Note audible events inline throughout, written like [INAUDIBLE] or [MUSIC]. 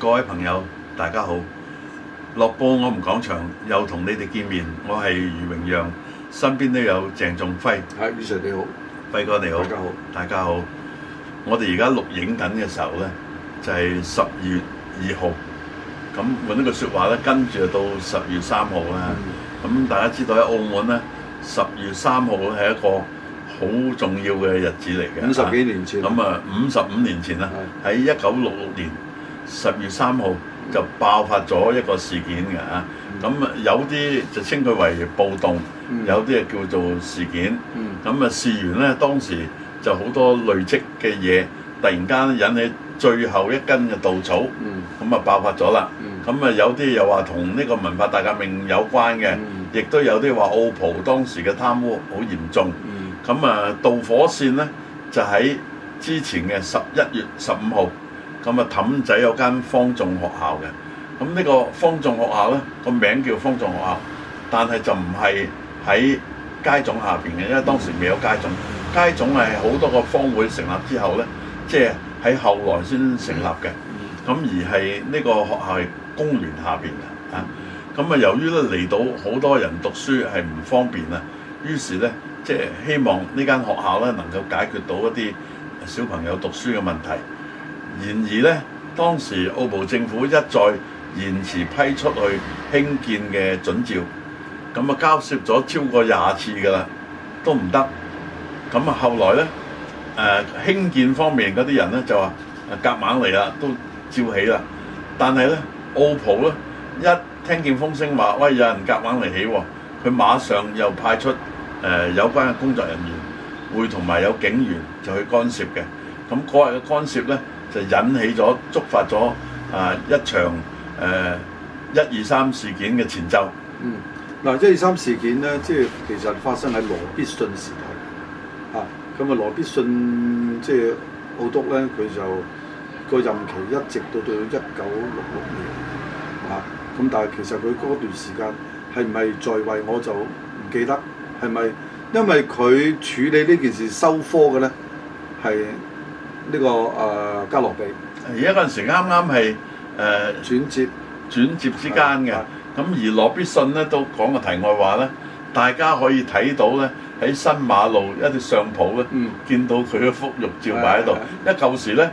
各位朋友，大家好！樂報我們講場又同你哋見面，我係余榮揚，身邊都有鄭仲輝。阿 Mr 你好，輝哥你好，大家好，大家好。我哋而家錄影緊嘅時候呢，就係、是、十二月二號。咁換一個説話呢，跟住就到十二月三號啦。咁、嗯、大家知道喺澳門呢，十二月三號係一個好重要嘅日子嚟嘅。五十幾年前，咁啊，五十五年前啦，喺一九六六年。十二月三號就爆發咗一個事件嘅嚇、啊，咁有啲就稱佢為暴動，有啲啊叫做事件。咁啊事緣呢，當時就好多累積嘅嘢，突然間引起最後一根嘅稻草，咁啊爆發咗啦。咁啊有啲又話同呢個文化大革命有關嘅，亦都有啲話澳葡當時嘅貪污好嚴重。咁啊導火線呢，就喺之前嘅十一月十五號。咁啊氹仔有間坊眾學校嘅，咁呢個坊眾學校呢，個名叫坊眾學校，但係就唔係喺街總下邊嘅，因為當時未有街總。街總係好多個坊會成立之後呢，即係喺後來先成立嘅。咁而係呢個學校係工聯下邊嘅啊。咁啊，由於咧嚟到好多人讀書係唔方便啊，於是呢，即係希望呢間學校呢能夠解決到一啲小朋友讀書嘅問題。然而咧，當時澳葡政府一再延遲批出去興建嘅準照，咁啊交涉咗超過廿次噶啦，都唔得。咁啊，後來咧，誒興建方面嗰啲人咧就話，夾硬嚟啦，都照起啦。但係咧，澳葡咧一聽見風聲話，喂，有人夾硬嚟起，佢馬上又派出誒有關嘅工作人員，會同埋有警員就去干涉嘅。咁嗰日嘅干涉咧。就引起咗觸發咗啊一場誒一二三事件嘅前奏。嗯，嗱一二三事件呢，即係其實發生喺羅必信時代。啊，咁啊羅必信即係澳督咧，佢就個任期一直到到一九六六年。啊，咁但係其實佢嗰段時間係唔係在位，我就唔記得係咪，因為佢處理呢件事收科嘅呢？係。呢個誒嘉樂比而家嗰陣時啱啱係誒轉接轉接之間嘅，咁而羅必信咧都講個題外話咧，大家可以睇到咧喺新馬路一啲相鋪咧，見到佢嘅幅玉照擺喺度，因為舊時咧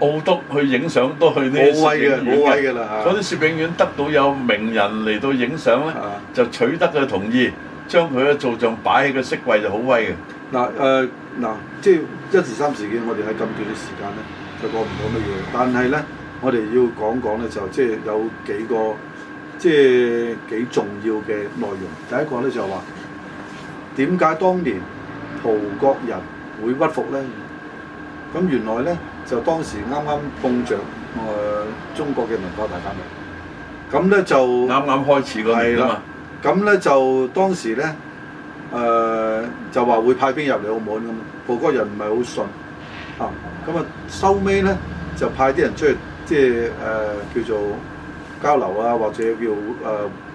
澳督去影相都去呢啲攝影院，嗰啲攝影院得到有名人嚟到影相咧，就取得佢同意，將佢嘅造像擺喺個飾櫃就好威嘅。嗱誒嗱，即係一時三時嘅，我哋喺咁短嘅時間咧，就講唔到乜嘢。但係咧，我哋要講講咧，就即係有幾個即係幾重要嘅內容。第一個咧就係話點解當年葡國人會屈服咧？咁原來咧就當時啱啱碰著誒中國嘅文化大革命，咁咧就啱啱開始嗰啲啊嘛。咁咧就當時咧。誒、呃、就話會派兵入嚟澳門咁，葡國人唔係好信嚇，咁啊收尾咧就派啲人出去，即係誒、呃、叫做交流啊，或者叫誒、呃、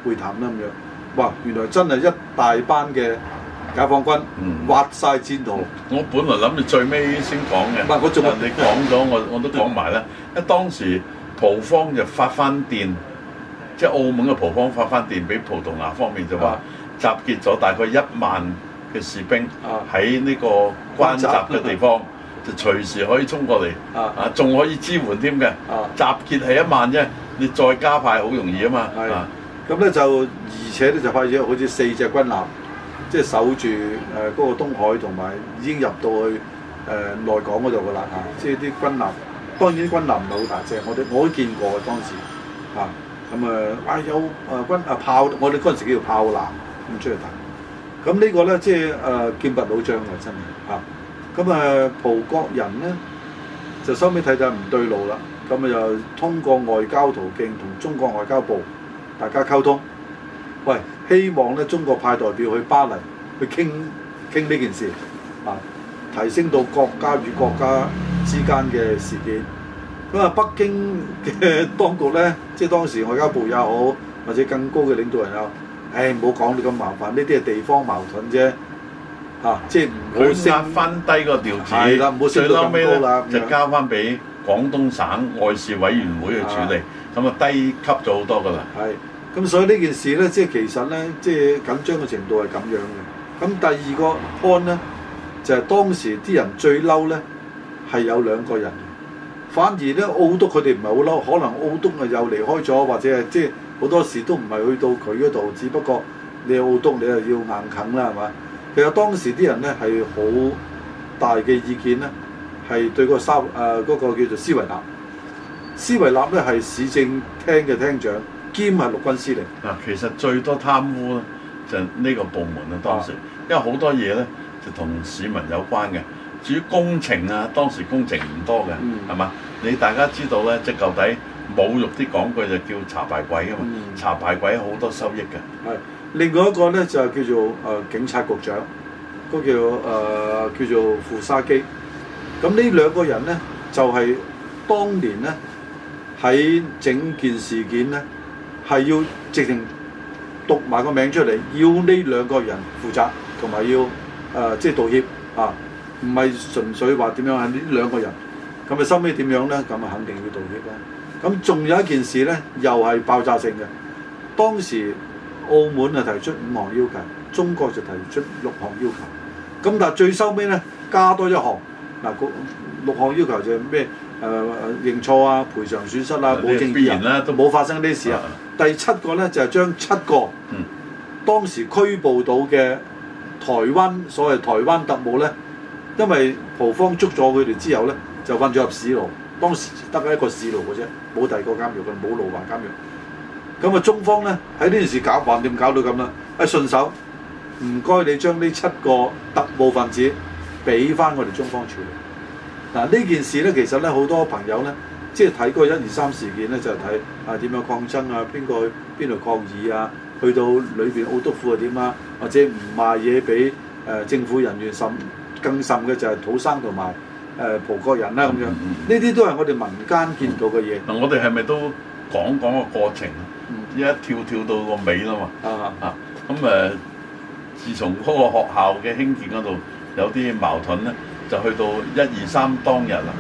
會談啦咁樣。哇！原來真係一大班嘅解放軍挖晒戰壕，嗯。我本來諗住最尾先講嘅。唔係，我仲你講咗，我 [LAUGHS] 我都講埋啦。一當時葡方就發翻電，即係澳門嘅葡方發翻電俾葡萄牙方面就話。嗯集結咗大概一萬嘅士兵喺呢個關閘嘅地方，閘就隨時可以衝過嚟，啊仲可以支援添嘅。集結係一萬啫，你再加派好容易啊嘛。咁咧就而且咧就派咗好似四隻軍艦，即係守住誒嗰個東海同埋已經入到去誒內港嗰度噶啦。嚇，即係啲軍艦，當然啲軍艦唔係好大隻，我哋我都見過嘅當時。咁啊啊有誒軍啊炮，我哋嗰陣時叫炮艦。咁出去個呢個呢，即係誒劍拔弩張㗎，真係嚇。咁、啊、誒葡國人呢，就收尾睇睇唔對路啦。咁、啊、誒就通過外交途徑同中國外交部大家溝通，喂，希望呢中國派代表去巴黎去傾傾呢件事，啊，提升到國家與國家之間嘅事件。咁啊，北京嘅當局呢，即係當時外交部也好，或者更高嘅領導人也好。誒，唔好講你咁麻煩，呢啲係地方矛盾啫，嚇、啊，即係唔好升翻低個調子。係啦，唔好升到咁高啦，樣就交翻俾廣東省外事委員會去處理。咁啊的，就低級咗好多噶啦。係，咁所以呢件事咧，即係其實咧，即係緊張嘅程度係咁樣嘅。咁第二個 point 咧，就係、是、當時啲人最嬲咧，係有兩個人，反而咧澳督佢哋唔係好嬲，可能澳督啊又離開咗，或者係即係。好多時都唔係去到佢嗰度，只不過你澳督你又要硬啃啦，係嘛？其實當時啲人咧係好大嘅意見咧，係對個沙誒嗰個叫做斯維納。斯維納咧係市政廳嘅廳長兼係陸軍司令。啊，其實最多貪污就呢個部門啊，當時因為好多嘢咧就同市民有關嘅，至於工程啊，當時工程唔多嘅，係嘛？嗯、你大家知道咧，即係舊底。侮辱啲講句就叫查牌鬼啊嘛，查、嗯、牌鬼好多收益嘅。係，另外一個咧就叫做誒、呃、警察局長，嗰叫誒、呃、叫做傅沙基。咁呢兩個人咧就係、是、當年咧喺整件事件咧係要直情讀埋個名出嚟，要呢兩個人負責，同埋要誒、呃、即係道歉啊！唔係純粹話點樣，係呢兩個人，咁啊收尾點樣咧？咁啊肯定要道歉啦。咁仲有一件事呢，又係爆炸性嘅。當時澳門就提出五項要求，中國就提出六項要求。咁但係最收尾呢，加多一項嗱，六項要求就係咩？誒認錯啊、賠償損失啊、保證人，都冇發生呢啲事啊。第七個呢，就係將七個當時拘捕到嘅台灣所謂台灣特務呢，因為葡方捉咗佢哋之後呢，就運咗入市路。當時得一個示路嘅啫，冇第二個監獄嘅，冇路環監獄。咁啊，中方呢喺呢件事搞，橫掂搞到咁啦，啊、哎、順手唔該你將呢七個特務分子俾翻我哋中方處理。嗱、啊、呢件事呢，其實呢好多朋友呢，即係睇嗰一二三事件呢，就係、是、睇啊點樣抗爭啊，邊個去邊度抗議啊，去到裏邊澳督府又點啊，或者唔賣嘢俾誒政府人員甚，更甚嘅就係土生同埋。誒葡國人啦咁樣，呢啲、嗯嗯嗯、都係我哋民間見到嘅嘢、嗯。嗱，我哋係咪都講講個過程？嗯、一跳跳到個尾啦嘛。啊，咁誒、啊，自從嗰個學校嘅興建嗰度有啲矛盾咧，就去到一二三當日啦。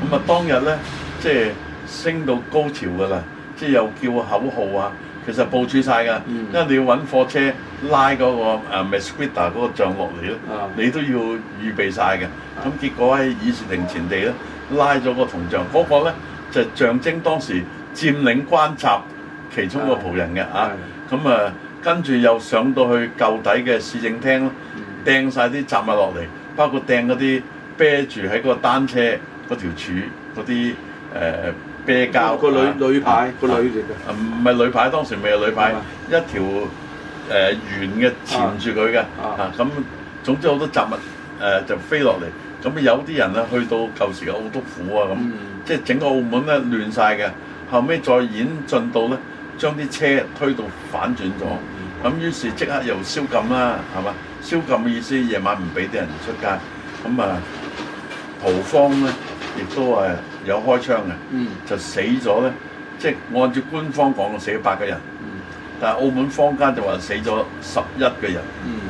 咁啊、嗯，當日咧，即、就、係、是、升到高潮㗎啦，即係又叫口號啊。其實部署晒㗎，嗯、因為你要揾貨車。拉嗰個誒 Mesquita 嗰個像落嚟咧，你都要預備晒嘅。咁結果喺議事亭前地咧，拉咗個銅像，嗰個咧就象徵當時佔領關閘其中個葡人嘅啊。咁啊，跟住又上到去舊底嘅市政廳掟晒啲雜物落嚟，包括掟嗰啲啤住喺嗰個單車嗰條柱嗰啲誒啤膠。個女女排個女嚟嘅，唔係女排，當時未有女排，一條。誒圓嘅纏住佢嘅、啊，啊咁、啊、總之好多雜物誒、呃、就飛落嚟，咁有啲人咧去到舊時嘅澳督府啊，咁、嗯、即係整個澳門咧亂晒嘅，後尾再演進到咧將啲車推到反轉咗，咁、嗯嗯、於是即刻又宵禁啦，係嘛？宵禁嘅意思夜晚唔俾啲人出街，咁啊葡方咧亦都係有開槍嘅，嗯、就死咗咧，即係按照官方講死咗八個人、人。但係澳門坊間就話死咗十一個人，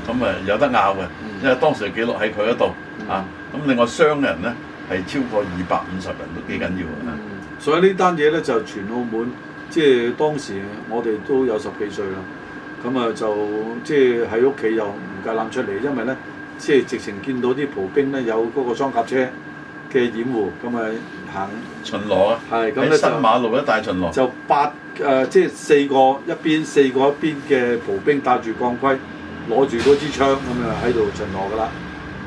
咁誒、嗯、有得拗嘅，嗯、因為當時記錄喺佢嗰度啊。咁另外傷人咧係超過二百五十人都幾緊要啊、嗯。所以呢單嘢咧就係、全澳門，即係當時我哋都有十幾歲啦，咁啊就即係喺屋企又唔夠膽出嚟，因為咧即係直情見到啲葡兵咧有嗰個裝甲車。嘅掩護咁咪行巡邏啊，喺新馬路一帶巡邏就八誒，即係，呃，四個一邊，四個一邊嘅步兵，戴住鋼盔，攞住嗰支槍咁啊喺度巡邏噶啦。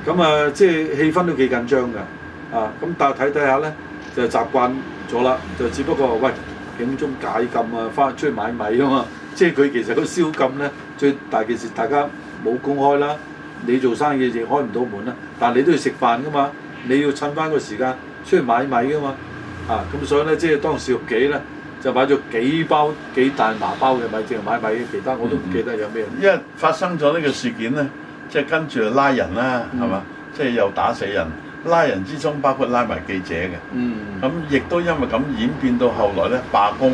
咁啊，即係氣氛都幾緊張嘅啊。咁但係睇睇下咧，就習慣咗啦。就只不過喂，警鐘解禁啊，翻出去買米啊嘛。即係佢其實都宵禁咧，最大件事大家冇公開啦，你做生意亦開唔到門啦，但係你都要食飯噶嘛。你要趁翻個時間出去買米㗎嘛？啊，咁所以咧，即係當時幾咧就買咗幾包幾大麻包嘅米，淨係買米，其他我都唔記得有咩。嗯。因為發生咗呢個事件咧，即係跟住就拉人啦，係嘛？嗯。即係又打死人，拉人之中包括拉埋記者嘅。嗯。咁亦都因為咁演變到後來咧，罷工、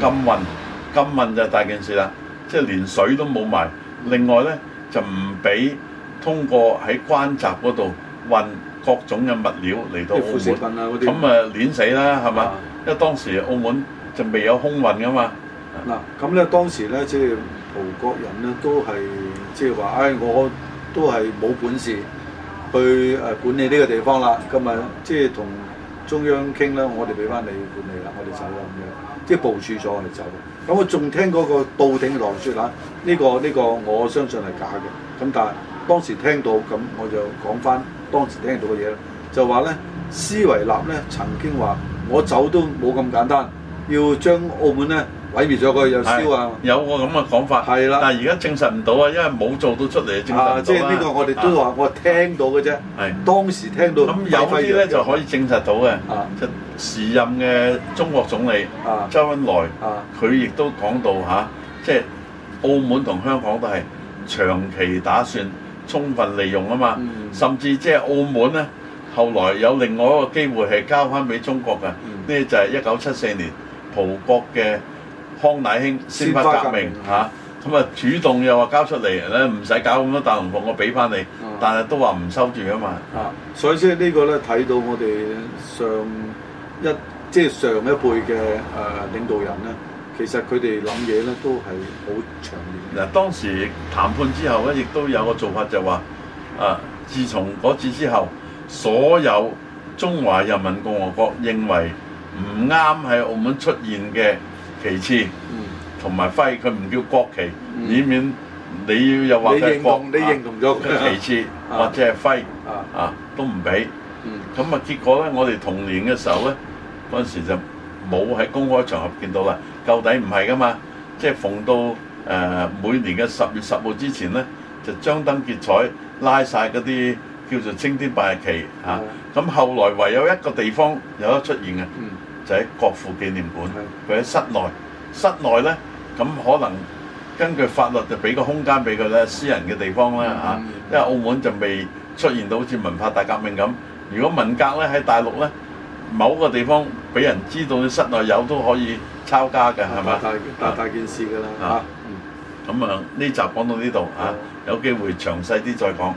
禁運、嗯、禁運就大件事啦。即係連水都冇埋，另外咧就唔俾通過喺關閘嗰度運各種嘅物料嚟到澳門，副食品啊，咁啊攣死啦，係嘛吧？因為當時澳門就未有空運噶嘛。嗱、嗯，咁咧當時咧，即係葡國人咧都係即係話：唉、就是哎，我都係冇本事去誒、呃、管理呢個地方啦。今日即係同中央傾啦，我哋俾翻你管理啦，我哋走啦咁哇樣。即、就、係、是、部署咗我哋走。咁我仲聽嗰個到頂來説啦，呢、啊這個呢、這個這個我相信係假嘅。咁但係當時聽到咁，我就講翻。當時聽到嘅嘢咧，就話咧，斯維納咧曾經話：我走都冇咁簡單，要將澳門咧毀滅咗佢。又燒啊，有個咁嘅講法。係啦的，但係而家證實唔到啊，因為冇做到出嚟嘅證實、啊。即係呢個我哋都話、啊、我聽到嘅啫。係的當時聽到。咁有啲咧就可以證實到嘅。啊，就時任嘅中國總理啊，周恩來啊，佢亦都講到吓，即係澳門同香港都係長期打算，充分利用啊嘛。嗯甚至即係澳門咧，後來有另外一個機會係交翻俾中國嘅，呢、嗯、就係一九七四年葡國嘅康乃馨鮮花革命嚇，咁啊、嗯、主動又話交出嚟咧，唔使搞咁多大龍鳳，我俾翻你，但係都話唔收住啊嘛。嗯、啊所以即係呢個咧睇到我哋上一即係、就是、上一輩嘅誒領導人咧，嗯、其實佢哋諗嘢咧都係好長遠。嗱、嗯，當時談判之後咧，亦都有個做法就話、是、啊。自從嗰次之後，所有中華人民共和國認為唔啱喺澳門出現嘅旗幟，同埋徽，佢唔叫國旗，以免你又話你認同，你認同咗佢旗幟或者係徽啊，都唔俾。咁啊，結果咧，我哋童年嘅時候咧，嗰陣時就冇喺公開場合見到啦。究竟唔係噶嘛？即係逢到誒每年嘅十月十號之前咧，就張燈結彩。拉曬嗰啲叫做青天白日旗嚇，咁後來唯有一個地方有得出現嘅，就喺國父紀念館，佢喺室內。室內咧，咁可能根據法律就俾個空間俾佢咧，私人嘅地方咧嚇。因為澳門就未出現到好似文化大革命咁。如果文革咧喺大陸咧，某個地方俾人知道你室內有都可以抄家嘅，係咪？大大大件事㗎啦嚇。咁啊，呢集講到呢度嚇，有機會詳細啲再講。